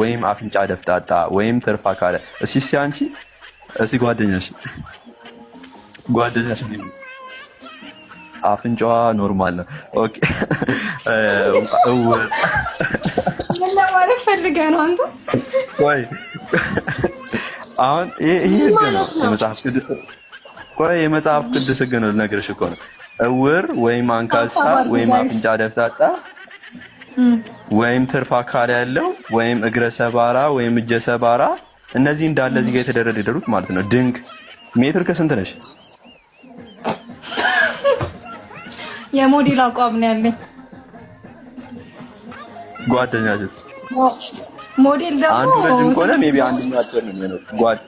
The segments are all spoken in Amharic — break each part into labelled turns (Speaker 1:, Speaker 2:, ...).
Speaker 1: ወይም አፍንጫ ደፍጣጣ ወይም ትርፍ ካለ እስኪ እስኪ አንቺ እስኪ ጓደኛሽ ጓደኛሽ አፍንጫዋ ኖርማል ነው። ኦኬ
Speaker 2: ምን ለማለት ፈልገህ ነው አንተ?
Speaker 1: ቆይ አሁን ይሄ ህግ ነው የመጽሐፍ ቅዱስ ቆይ የመጽሐፍ ቅዱስ ህግ ነው። ልነግርሽ እኮ ነው እውር ወይም አንካሳ ወይም አፍንጫ ደፍጣጣ ወይም ትርፍ አካል ያለው ወይም እግረ ሰባራ ወይም እጀ ሰባራ እነዚህ እንዳለ እዚህ ጋር የተደረደሩት ማለት ነው። ድንቅ ሜትር ከስንት ነሽ?
Speaker 2: የሞዴል አቋም ነው ያለኝ።
Speaker 1: ጓደኛችስ
Speaker 2: ሞዴል ደግሞ አንዱ
Speaker 1: ረጅም ከሆነ ሜቢ አንዱ አጭር ነው የሚሆነው። ጓድ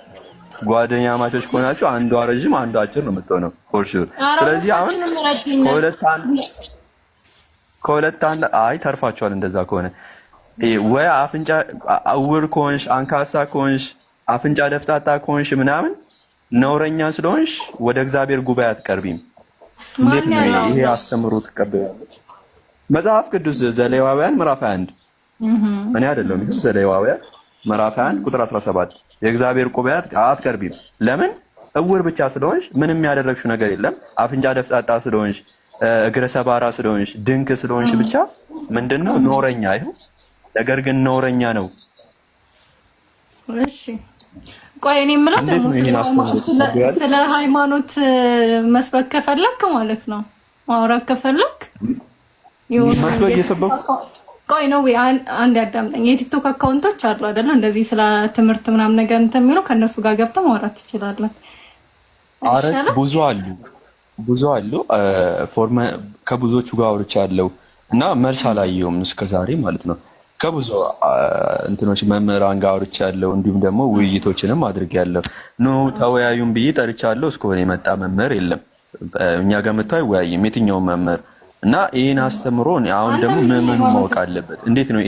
Speaker 1: ጓደኛ ማቾች ከሆናችሁ አንዷ ረጅም አንዷ አጭር ነው የምትሆነው ፎር ሹር። ስለዚህ አሁን ከሁለት አንዱ ከሁለት አንድ አይ ተርፋችኋል። እንደዛ ከሆነ ወይ አፍንጫ እውር ከሆንሽ አንካሳ ከሆንሽ አፍንጫ ደፍጣጣ ከሆንሽ ምናምን ነውረኛ ስለሆንሽ ወደ እግዚአብሔር ጉባኤ አትቀርቢም። እንዴት ነው ይሄ አስተምሮ ትቀበያለች? መጽሐፍ ቅዱስ ዘሌዋውያን ምዕራፍ 21 እኔ አይደለሁም ይሄ ዘሌዋውያን ምዕራፍ 21 ቁጥር 17 የእግዚአብሔር ጉባኤ አትቀርቢም። ለምን? እውር ብቻ ስለሆንሽ ምንም ያደረግሽው ነገር የለም። አፍንጫ ደፍጣጣ ስለሆንሽ እግረ ሰባራ ስለሆንሽ ድንቅ ስለሆንሽ ብቻ ምንድን ነው ኖረኛ ይሁን። ነገር ግን ኖረኛ ነው።
Speaker 2: እሺ ቆይ እኔ የምለው ስለ ሃይማኖት መስበክ ከፈለክ ማለት ነው ማውራት ከፈለክ ቆይ ነው አንድ ያዳምጠኝ። የቲክቶክ አካውንቶች አሉ አይደለ? እንደዚህ ስለ ትምህርት ምናምን ነገር እንትን የሚለው ከእነሱ ጋር ገብተህ ማውራት ትችላለህ።
Speaker 1: አረ ብዙ አሉ ብዙ አሉ። ፎርመ ከብዙዎቹ ጋር አውርቻለሁ እና መልስ አላየሁም እስከዛሬ ማለት ነው። ከብዙ እንትኖች መምህራን ጋር አውርቻለሁ፣ እንዲሁም ደግሞ ውይይቶችንም አድርጌያለሁ። ኑ ተወያዩን ብዬ ጠርቻለሁ። እስከሆነ የመጣ መምህር የለም። እኛ ጋር መጥቶ አይወያይም የትኛው መምህር እና ይህን አስተምሮ አሁን ደግሞ ምዕመኑ ማወቅ አለበት። እንዴት ነው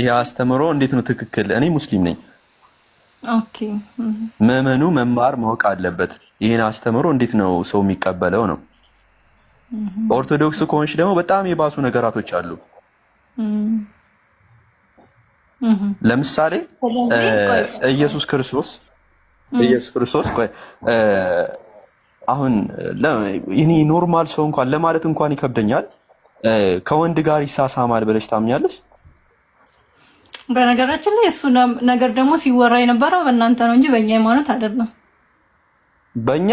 Speaker 1: ይሄ አስተምሮ እንዴት ነው ትክክል? እኔ ሙስሊም ነኝ መመኑ መማር ማወቅ አለበት። ይህን አስተምሮ እንዴት ነው ሰው የሚቀበለው ነው። ኦርቶዶክስ ከሆንሽ ደግሞ በጣም የባሱ ነገራቶች አሉ። ለምሳሌ ኢየሱስ ክርስቶስ ኢየሱስ ክርስቶስ ቆይ አሁን እኔ ኖርማል ሰው እንኳን ለማለት እንኳን ይከብደኛል። ከወንድ ጋር ይሳሳማል ብለሽ ታምኛለሽ?
Speaker 2: በነገራችን ላይ እሱ ነገር ደግሞ ሲወራ የነበረው በእናንተ ነው እንጂ በእኛ ሃይማኖት አይደለም።
Speaker 1: በእኛ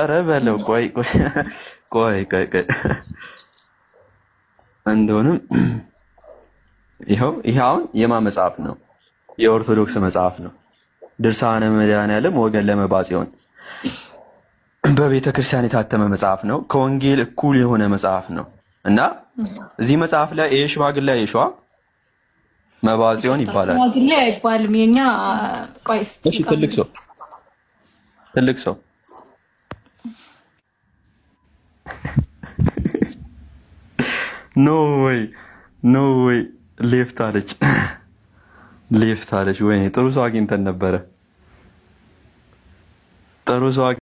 Speaker 1: አረ በለው ቆይ ቆይ ቆይ ቆይ እንደሆንም ይኸው ይሄ አሁን የማ መጽሐፍ ነው? የኦርቶዶክስ መጽሐፍ ነው። ድርሳነ መድኃኔዓለም ወገን ለመባጽ ይሆን በቤተ ክርስቲያን የታተመ መጽሐፍ ነው። ከወንጌል እኩል የሆነ መጽሐፍ ነው። እና እዚህ መጽሐፍ ላይ ይሄ ሽማግሌ የሸዋ መባጽዮን ይባላል።
Speaker 2: ሽማግሌ አይባልም የኛ ትልቅ ሰው
Speaker 1: ትልቅ ሰው ኖ ወይ ኖ ወይ ሌፍት አለች ሌፍት አለች። ወይ ጥሩ ሰው አግኝተን ነበረ። ጥሩ ሰው